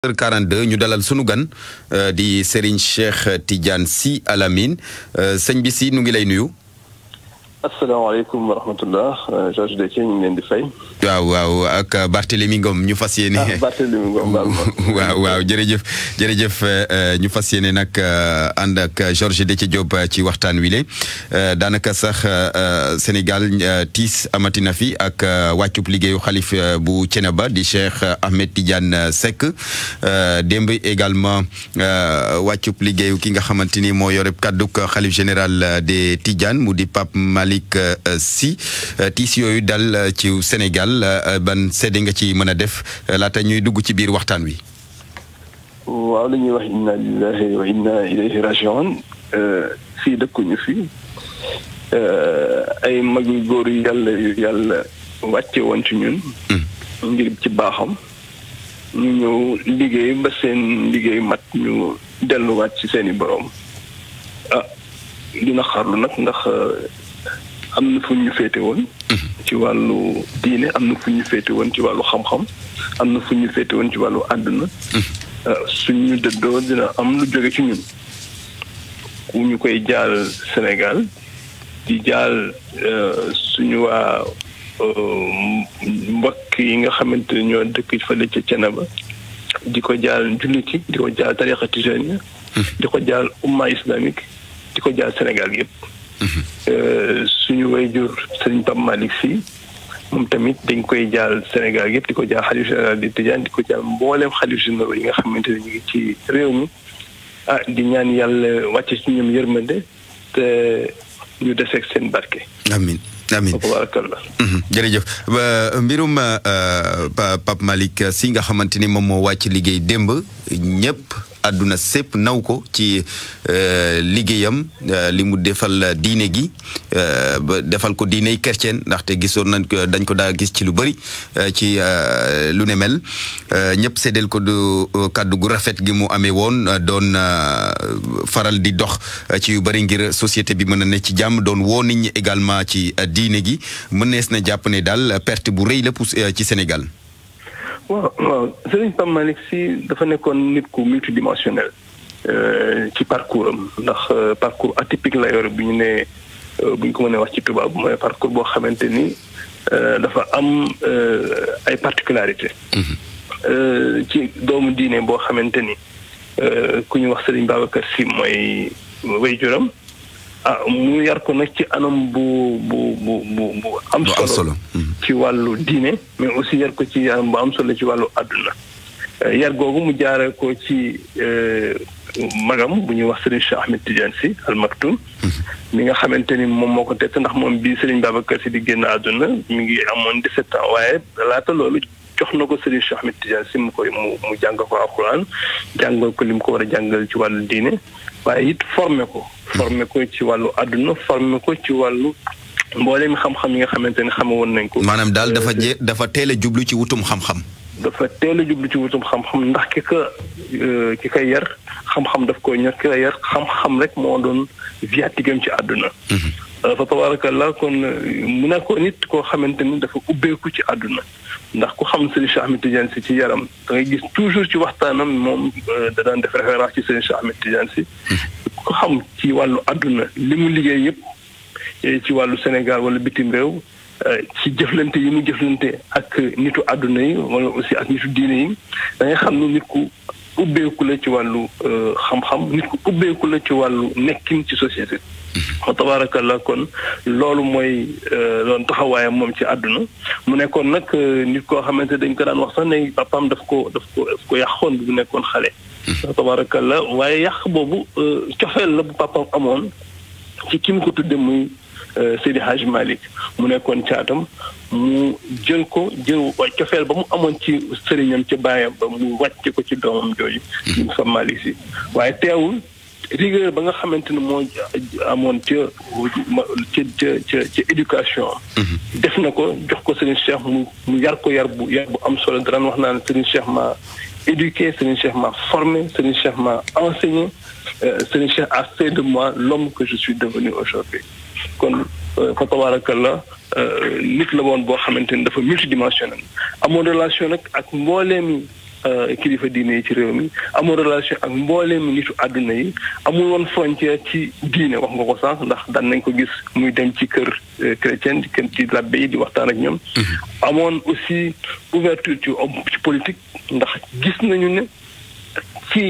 42 ñu dalal sunu gan euh, di Serigne Cheikh Tidiane si Al Amine euh, sëñ bi si nu ngi lay nuyu. asalaamaaleykum wa rahmatullah. Euh, Georges Dethié ñu leen di fay. waaw waaw ak Barthélémy Ngom ñu fas yéene. ah Barthélémy Ngom waaw waaw jërëjëf jërëjëf euh, ñu fas yéene nag euh, ak Georges Déthié Diop euh, ci waxtaan wi le daanaka sax Sénégal tiis amatina fi ak wàccub liggéeyu xalif bu Thiénaba di Cheikh Ahmed Tidiane Seck Dembe également wàccub liggéeyu ki nga xamante ni moo yore Khalif général de Tidiane mu di Pape Malick Si tiis yooyu dal ci Sénégal. daal euh, ban séddee nga ci mën a def euh, laata ñuy dugg ci biir waxtaan wi. waaw li wax inna lillahi wa inna ilayhi rajiun euh, fii dëkkuñu fi ay mag yu góor yu yàlla yu yàlla wàcce woon ci ñun. Hmm. ngir ci baaxam. ñu ñëw liggéey ba seen liggéey mat ñu delluwaat ci seeni boroom ah dina xarlu nag ndax am na fu ñu féete woon. Hmm. ci wàllu diine am na fu ñu féete woon ci wàllu xam-xam am na fu ñu féete woon ci wàllu àdduna mm-hmm. euh, ñu dëddoo dina am lu jóge ci ñun ku ñu koy jaal Sénégal di jaal euh, suñu waa euh, mbokk yi nga xamante ne ñoo dëkk fële ca Cenaba di ko jaal jullit yi di ko jaal tarixa tijaan mm-hmm. di ko jaal umma islamique di ko jaal Sénégal yëpp Euh, suñu wayjur sëriñ Pape Malick si moom tamit dañ koy jaal Sénégal yëpp di ko jaal xalif général di Tijaan ko jaal mbooleem xalif généraux yi nga xamante ñu ngi ci réew mi ah di ñaan yàlla wàcce ci ñoom yërmande te ñu deseeg seen barke. amiin amiin tabarakallah mhm, jërëjëf mbirum euh, Pape Malick Sy nga xamante ni moom moo wàcc liggéey démb ñëpp. àdduna sépp naw ko ci euh, liggéeyam euh, li mu defal diine gi euh, ba defal ko diiney chrétien ndaxte gisoon nañ ko dañ ko daa gis ci lu bëri ci lu ne mel ñëpp séddeel ko du kàddu gu rafet gi mu amee woon doon faral di dox ci yu bëri ngir société bi mën a ne ci jàmm doon woo nit également ci diine gi mënees na jàpp ne daal perte bu rëy la pour ci Sénégal. waaw waaw Serigne Pape Malick dafa nekkoon nit ku multidimensionnel euh, ci parcours am ndax euh, parcours atypique la yore bu ñu nee euh, bu ko ko mënee wax ci tubaab mooy parcours boo xamante ni dafa am ay particularité mhm. ci doomu diine boo xamante ni ku ñu wax Serigne Babacar Sy mooy wéyjuram ah mu yar ko nag ci anam bu bu bu bu bu am solo hmm. ci wàllu diine mais aussi yar ko ci anam bu am solo ci wàllu àdduna eh, yar googu mu jaaree ko ci eh, magam bu ñuy wax Serigne Cheikh Ahmed Tidiane Sy Al Maktoum hmm. mi nga xamante ni moom moo ko tett ndax moom bii Serigne Babacar Sy di génn àdduna mi ngi amoon dix-sept waaye laata loolu jox na ko Serigne Cheikh Ahmed Tidiane Sy mu koy mu mu jàng ko alxuraan jàngoo ko li mu ko war a jàngal ci wàllu diine waaye it forme ko formé ko ci wàllu àdduna formé ko ci wàllu mboole mi xam yi nga xamante ne xame woon nañ ko. maanaam daal dafa euh, je dafa teel a jublu ci wutum xam-xam. dafa teel a jublu ci wutum xam ndax ki ka euh, ki kay yar xam-xam daf koy ñor ki yar xam-xam rek moo doon viatigam ci àdduna. Mhm. Euh, fa tabarakallah kon mu ne ko nit koo xamante ni dafa ubbeeku ci àdduna ndax ku xam Serigne Cheikh Ahmed Tidiane Sy ci yaram da gis toujours ci waxtaanam moom da def référence ci Serigne Cheikh Ahmed Tidiane Sy mhm. ku xam ci wàllu àdduna li mu liggéey yëpp eh, ci wàllu Sénégal wala bitim réew eh, ci jëflante yi mu jëflante ak nitu àdduna yi wala aussi ak nitu diine yi da xam ni nit ku ubbeeku la ci wàllu eh, xam-xam nit ku ubbeeku la ci wàllu nekkin ci société wa tabarakallah kon loolu mooy doon taxawaayam moom ci àdduna mu nekkoon nag nit koo xamante dañ ko daan wax sax ne papaam daf ko daf ko daf ko yàqoon bu nekkoon xale tabaarakalla waaye yàq boobu euh, cofeel la bu papam amoon ci ki mu ko tudde muy euh, Seydi Hadj Malick mu nekkoon caatam mu jël ko jël waaye cofeel ba mu amoon ci sëriñam ci baayam ba mu wàcce ko ci doomam jooju. Hmm. Moussa Malick si waaye teewul. rigueur ba nga xamante ne moo amoon ca ca ca ca éducation mhm. def na ko jox ko Serigne Cheikh mu mu yar ko yar bu yar bu am solo dara wax naan Serigne Cheikh ma éduqué Serigne Cheikh ma formé Serigne Cheikh ma enseigné euh, Serigne Cheikh a fait de moi l'homme que je suis devenu aujourd'hui kon euh, fa tabarakallah euh, nit la woon boo xamante dafa multidimensionnel amoon relation nag ak mbooleem Euh, kilifa diine yi ci réew mi amul relation ak mbooleem nitu àdduna yi amul woon frontière ci diine wax nga ko sànq ndax daan nañ ko gis muy dem ci kër euh, chrétien di kër ci labbe yi di waxtaan ak ñoom mhm. amoon aussi ouverture ci ci politique ndax gis nañu ne ci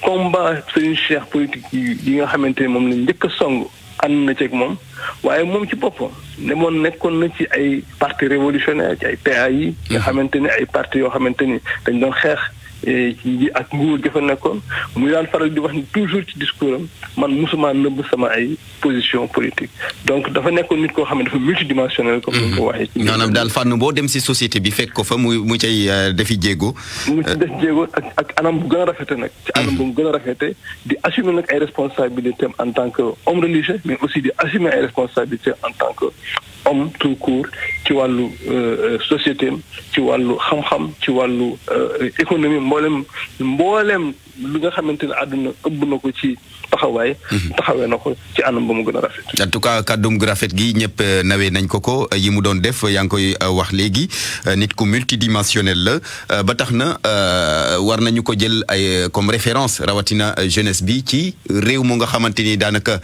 combat Serigne Cheikh politique yi yi nga xamante ne moom lañ njëkk a song ànd na ceeg moom waaye moom ci boppam ne moon nekkoon na ci ay parti révolutionnaire ci ay PAI yi nga mhm. xamante ni ay parti yoo xamante ni dañ doon xeex Eh, ci ak nguur dafa nekkoon muy daan faral di wax ni toujours ci discours am man musuma nëbb sama ay position politique donc dafa nekkoon nit koo xam ne dafa multidimensionnel. comme ni ko mhm. waxee. maanaam daal fànn boo dem si société bi fekk ko fa muy mu cay euh, defi jéego. mu ci def jéego ak ak anam bu gën a rafete nag. ci anam bu mu gën a rafete di assumer nag ay responsabilités en tant que homme religieux mais aussi di assumer ay responsabilités en tant que. homme tout court ci wàllu euh, euh, société ci wàllu xam-xam ci wàllu euh, économie mboolem mboolem lu nga xamante ne àdduna ëbb na ko ci taxawaay. Mhm. taxawee na ko ci anam ba mu gën a rafet. en tout cas kàddum gu rafet gi ñëpp nawee nañ ko ko yi mu doon def yaa ngi koy wax léegi nit ku multidimensionnel la ba tax na war nañu ko jël ay comme référence rawatina jeunesse bi ci réew mu nga xamante ni daanaka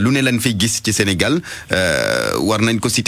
lu ne lañ fiy gis ci Sénégal war nañ ko citer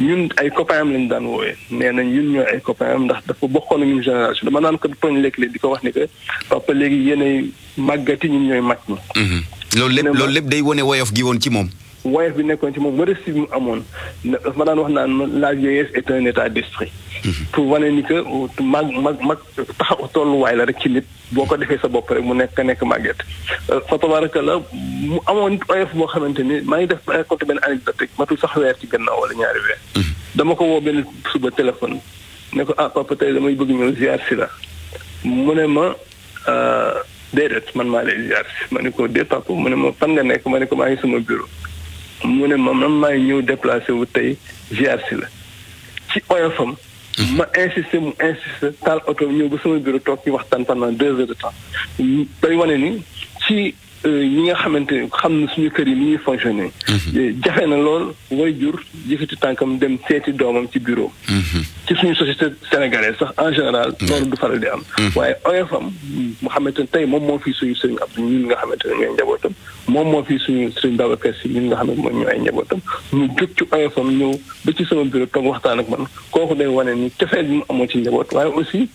ñun ay copainam lañ daan woowee nee nañ ñun ñoo ay copainam ndax dafa bokkoon ak ñun génération dama naan ko poñ lekk di ko wax ni que papa léegi yéenay màggati ñu ñooy mag ñi. Mhm. loolu lépp loolu lépp day wone woyof gi woon ci moom. woyof bi nekkoon ci moom modestie bi mu amoon dafa ma daan wax naa naan la vieillesse est un état d'esprit pour wane ni que mag mag mag taxaw tolluwaay la rek ci nit boo ko defee sa bopp rek mu nekk nekk màgget euh, fa tabaraka la mu amoon nit oyof boo xamante ni maa ngi def raconté benn anecdote matul sax weer ci gannaaw wala ñaari mhm. dama ko woo suba téléphone ne ko ah papa damay bëgg ñëw ziar si la mu ne ma euh, déedéet man maa lay ziar ma ne ko déet papa mu ne ma fan nga nekk ma ne ko maa ngi sama bureau mu ne ma man maa ngi ñëw déplacé wu tey ziar si la ci oyofam Mhm. ma insisté mu insisté taal oto ñëw ba sama bureau toog ci waxtaan pendant deux heures de temps. day wane ni ci Euh, ñi nga xamante xam na suñu kër yi ni ñuy fonctionné. Mhm. jafe na lool way jur yëkkati tànkam dem seeti doomam ci bureau mhm. ci suñu société sénégalaise sax en général loolu du faral di am mhm. waaye oyofam mu xamante ne tey moom moo fii suñu sëriñ Abdou ñun nga xamante ne ñooy njabootam moom moo fi suñu sëriñ Baba Si ñun nga xamante moom ñooy njabootam ñu jóg ci oyofam ñëw ba ci sama bureau toog waxtaan ak man kooku day wane ni cofeel bi mu amoon ci njaboot waaye aussi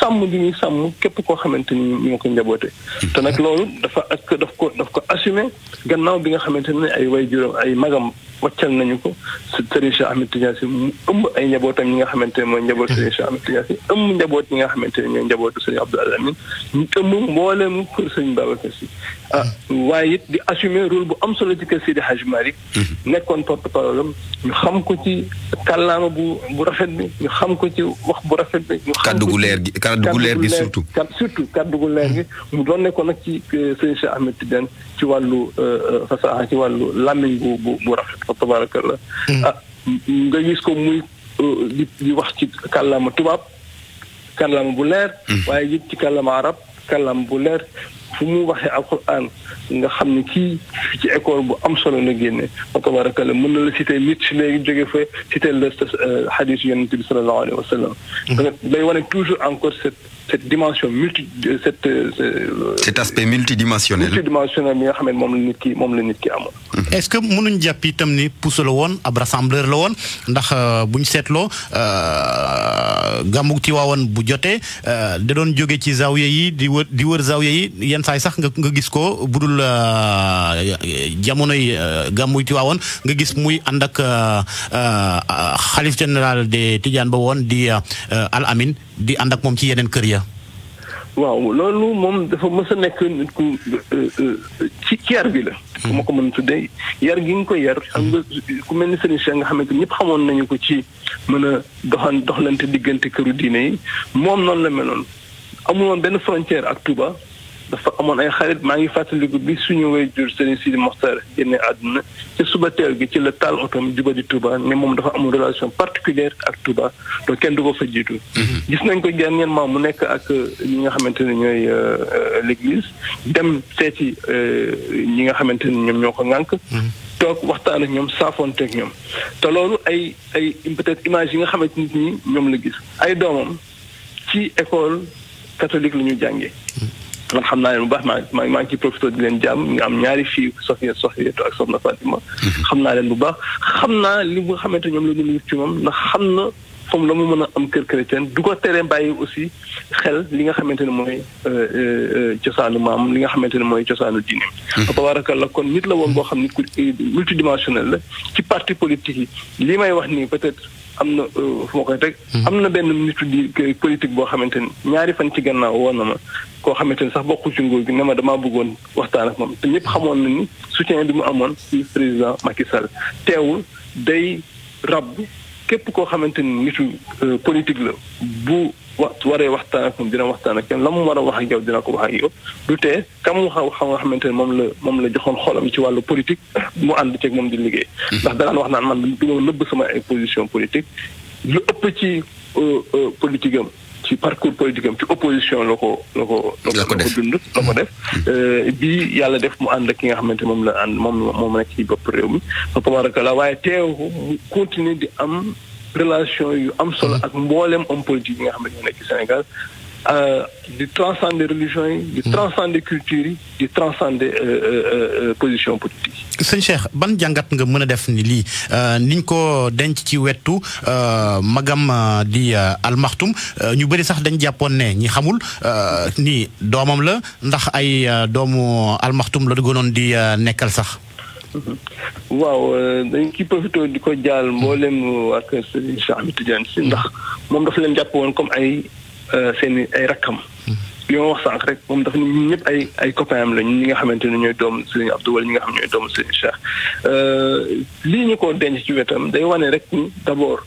sàmm bi ñuy sàmm képp koo xamante ni ñu ko njaboote te nag loolu dafa ak daf ko daf ko assumer gannaaw bi nga xamante ne ay way juróom ay magam waccal nañu ko Serigne Cheikh Ahmed Tidiane Sy mu ëmb ay njabootam ñi nga xamante ne mooy njabootu Serigne Cheikh Ahmed Tidiane Sy ëmb njaboot ñi nga xamante ne ñooy njabootu Serigne Abdou Alamin ñu ëmb mbooleem kër Serigne Babacar Sy ah waaye it di assumer rôle bu am solo ci kër Seydi Hadj Malick mhm. nekkoon porte parole am ñu xam ko ci kàllaama bu bu rafet bi ñu xam ko ci wax bu rafet bi ñu xam kaddu gu leer gi kaddu gu leer gi surtout surtout kaddu gu leer gi mu doon nekkoon nag ci euh, Serigne Cheikh Ahmed Tidiane ci wàllu euh, euh, fasaaxa ci wàllu làmmiñ bu bu bu rafet fa tabarakallah mm. ah, nga gis ko muy euh, di wax ci kàllaama tubaab kàllaama bu leer mm. waaye yit ci kàllaama arab kàllaama bu leer fu mu waxee alquran nga xam ne kii fi ci école bu am solo la génne fa tabarakalla mën na la cité nit si léegi jóge fa cité la xadis yonent bi salallahu alayhi wa sallam day wane toujours encore cette cette dimension multi cette cet aspect multidimensionnel multidimensionnel bi nga xam ne moom la nit ki moom la nit ki amoon est-ce que mënuñ jàpp itam ni pousse la woon ab rassembleur la woon ndax buñ seetloo gàmmug Tiwaawan bu jotee da doon jóge ci zawiya yi di wër di wër zawiya yi yenn saay sax nga nga gis ko bu dul euh, jamonoy euh, gàmmuy Tiwaawoon nga gis muy ànd ak euh, xalif général de Tidiane ba woon di Al Amin di ànd ak moom ci yeneen kër ya. waaw loolu moom dafa mës a nekk nit ku ci yar bi la. ku ma ko mën tuddee yar gi nga ko yar ku mel ni sëriñ Cheikh nga xamante ñëpp xamoon nañu ko ci mën a doxan doxlante diggante këru diine yi moom noonu la meloon. amul benn frontière ak Touba dafa amoon ay xarit maa ngi fàttaliku bi suñu way jur si Sidi Mokhtar génne àdduna ci suba teel gi ci la taal otom juba di Touba ne moom dafa amul relation particulière ak Touba donc kenn du ko fa jiitu. Mhm. gis nañ ko dernièrement mu nekk ak euh, ñi nga xamante ne ñooy euh, euh, l'église dem seeti ñi nga xamante ne ñoom ñoo ko ŋànk. Mhm. toog waxtaan ak ñoom saafoonteeg ñoom te loolu ay ay peut-être image yi nga xamante nit ñi ñoom la gis ay doomam ci école catholique la ñu jàngee. Mhm. man xam naa leen bu baax maa maa maa ngi ciy profité di leen am ñaari fii Sophia Sophia ak Soxna Fatima. Mhm. xam naa leen bu baax xam naa li nga xamante ñoom la ñu ci moom ndax xam na comme la mu mën a am kër chrétien du ko teree bàyyi aussi xel li nga xamante ne mooy euh, euh, cosaanu maam li nga xamante ne mooy cosaanu diine. Mhm. la kon nit la woon boo xam ni euh, multidimensionnel la ci parti politique yi li may wax nii peut-être. am na euh, fu ma koy teg. Mhm. am na benn ministre di politique boo xamante ni ñaari fan ci gannaaw woon na ma koo xamante ni sax bokkul ci nguur gi ne ma damaa bëggoon waxtaan ak moom te ñëpp xamoon na ni soutien bi mu amoon ci président Macky Sall teewul day rab képp koo xamante ni nitu euh, politique la bu. waxtu waree waxtaan ak moom dina waxtaan ak kenn la mu a wax ak yow dina ko wax ak yow du tee kam mu xaw xam nga xamante ne moom la moom la joxoon xolam ci wàllu politique mu ànd ceeg moom di liggéey mhm. ndax danaan wax naan man du ma euh, euh, am ci parcours politique la ko la ko la ko dund la ko def mhm. euh, bii yàlla def mu ànd ki nga xamante moom la ànd moom moom nekk ci bopp réew mi fa tabaraka la waaye teew mu continuer di am relation yu am solo ak mbooleem homme politique yi nga xamné ne ci Sénégal euh di transcender religion yi di hmm. transcender culture yi di transcender euh, euh, euh, euh position politique sëñ Cheikh ban jangat nga mëna def ni li euh niñ ko denc ci wetu euh, magam di al maktoum ñu bari sax dañ japon ne ñi xamul euh ni domam la ndax ay al maktoum la gënoon di nekkal sax Mhm. waaw euh, dañ ci profité di ko jaal mboolem waa euh, kër Serigne Cheikh Ahmed Tidiane si ndax moom dafa leen jàpp woon comme ay euh, seen ay rakkam. Mhm. li wax sànq rek moom dafa ne ñun ñëpp ay ay copain am la nga xamante ne ñooy doomu Serigne Abdou wala ñi nga xam ne ñooy doomu Serigne Cheikh lii ñu ko denc ci wetam day wane rek ni d'abord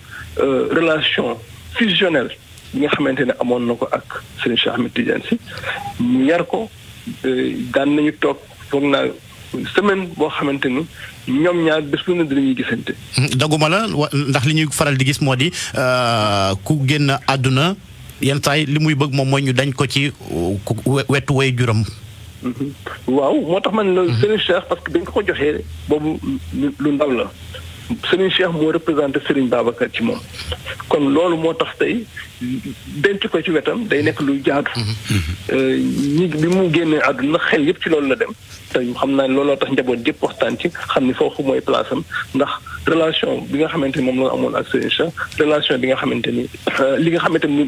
relation fusionnelle bi nga xamante ne amoon na ko ak Serigne Cheikh Ahmed si mu yar ko daan nañu toog foog naa. semaine boo xamante ni ñoom ñaar bés bu ne dinañuy gisante. daguma la ndax li ñuy faral di gis moo di euh, ku génn àdduna yenn saay li muy bëgg moom mooy ñu dañ ko ci wetu way juram. Mm-hmm. waaw moo tax man la. seen cher parce que dañ ko ko joxee boobu lu ndaw la. Serigne Cheikh moo représenté Serigne Babacar ci moom kon loolu moo tax tey denc ko ci wetam day nekk lu jaadu. Mhm. Euh, ñi bi mu génnee àdduna xel yëpp ci loolu la dem te xam naa ne looloo tax njaboot yëpp waxtaan ci xam ni foofu mooy place am ndax relation bi nga xamante ni moom la amoon ak Serigne Cheikh relation bi nga xamante ni euh, li nga xamante ni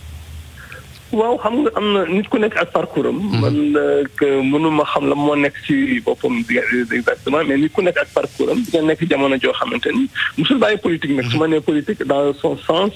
waaw xam nga am na nit ku nekk ak parcours am. Mhm. man euh, mënuma xam la moo nekk ci boppam exactement mais nit ku nekk ak parcours am di nekk jamono joo xamante ni mosul bàyyi politique nag. Mhm. su ma nee politique dans son sens.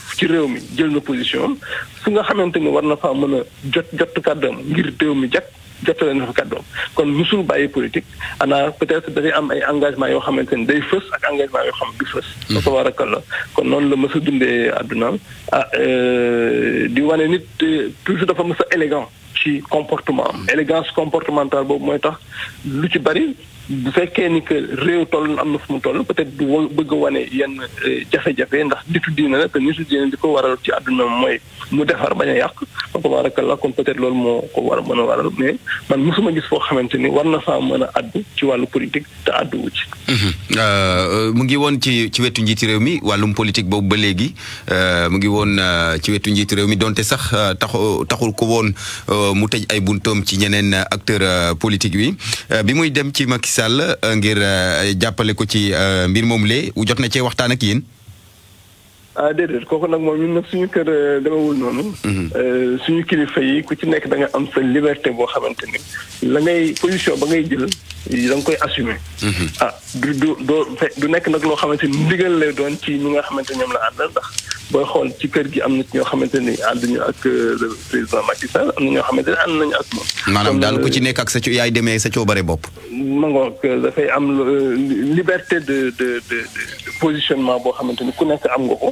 ci réew mi jël na position am nga xamante ni war na faa mën a jot jot kàddoom ngir réew mi jot jottale na fa kàddoom kon musul bàyyi politique ana peut-être dafay am ay engagement yoo xamante ni day fës ak engagement yoo xam ne du fës. dafa war a la kon noonu la mës a dundee àddunaam ah euh, di wane nit toujours dafa mës a élégant ci comportement am. Hmm. élégance comportementale boobu mooy tax lu ci bari. bu fekkee ni que réew toll am na fu mu toll peut être du bëgg a wane yenn eh, jafe-jafe ndax nitu la te nitu di ko waral ci àdduna mooy mu defar bañ a yàq ba ko barakallah kon peut être loolu moo ko war a mën waral mais man musuma gis foo xamante ni war na faa mën a addu ci wàllu politique te addu wu ci. Mhm. Euh, mu ngi woon ci ci wetu njiiti réew mi wàllum politique boobu ba léegi euh, mu ngi woon euh, ci wetu njiiti réew mi donte sax taxu taxul ko woon mu tëj ay buntoom ci ñeneen acteur politique wi bi muy dem ci Macky Sall euh, ngir euh, jàppale ko ci euh, mbir moom lee jot na cee waxtaan ak yéen. ah déedéet kooku nag moom ñun nag suñu kër demewul noonu. Mhm. suñu kilifa yi ku ci nekk da am sa liberté boo xamante ni la ngay position ba ngay jël da nga koy assumer. Mhm. ah du du du nekk nag loo xamante ni ndigal lay doon ci ñi nga xamante ñoom la àndal ndax. booy xool ci kër gi am nit ñoo xamante ni ñu ak le président Macky Sall am na ñoo xamante ne ànd nañu ak moom. maanaam daal ku ci nekk ak sa ci yaay demee sa coobare bopp. ma ngoog dafay am liberté de de de de positionnement boo xamante ni ku nekk am nga ko.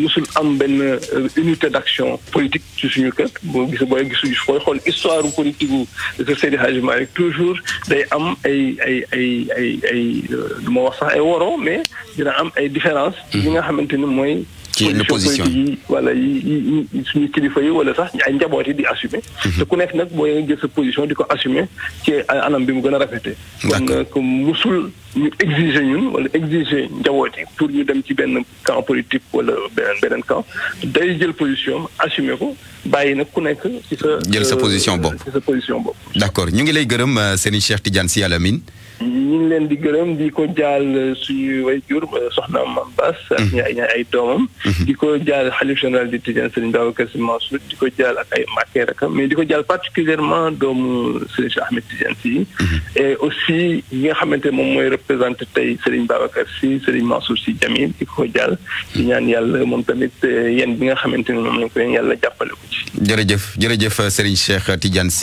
musul am benn unité d' action politique ci suñu kër boo gis booy gis booy xool histoire politique de Seydi Hadji Malick toujours day am ay ay ay ay ay du ma wax sax ay woro mais dina am ay différence. li nga xamante ni mooy. ci le position yi voilà yi yi suñu kilifa yi wala sax ay njaboot yi di assumer mhm. te ku nekk nag mooy nga jël sa position di ko assumer ci anam bi mu gën a rafete kon euh, musul ñu exiger ñun wala exiger njaboot yi pour ñu dem ci benn camp politique wala benn beneen camp day jël position assumer ko bàyyi nag ku nekk ci sa jël sa euh, position bopp sa position bopp d'accord ñu ngi lay gërëm euh, Serigne Cheikh Tidiane Sy Al ñu ngi leen di gërëm di ko jaal suñu wayjur soxna Mam Bass ak mhm. ña ay doomam mhm. di ko jaal xalif général di Tijaan Sëriñ Babacar Sy Mansour di ko jaal ak ay mbàkkee rakam mais di ko jaal particulièrement doomu Sëriñ Cheikh Ahmed Tijaan Sy mhm. et aussi yi nga xamante moom mooy représenté tey Sëriñ Babacar si Sëriñ Mansour Sy Jamil di ko jaal di ñaan yàlla moom tamit eh, yéen bi nga xamante ni moom lañ ko yéen jàppale ko ci jërëjëf jërëjëf Sëriñ Cheikh Tijaan Sy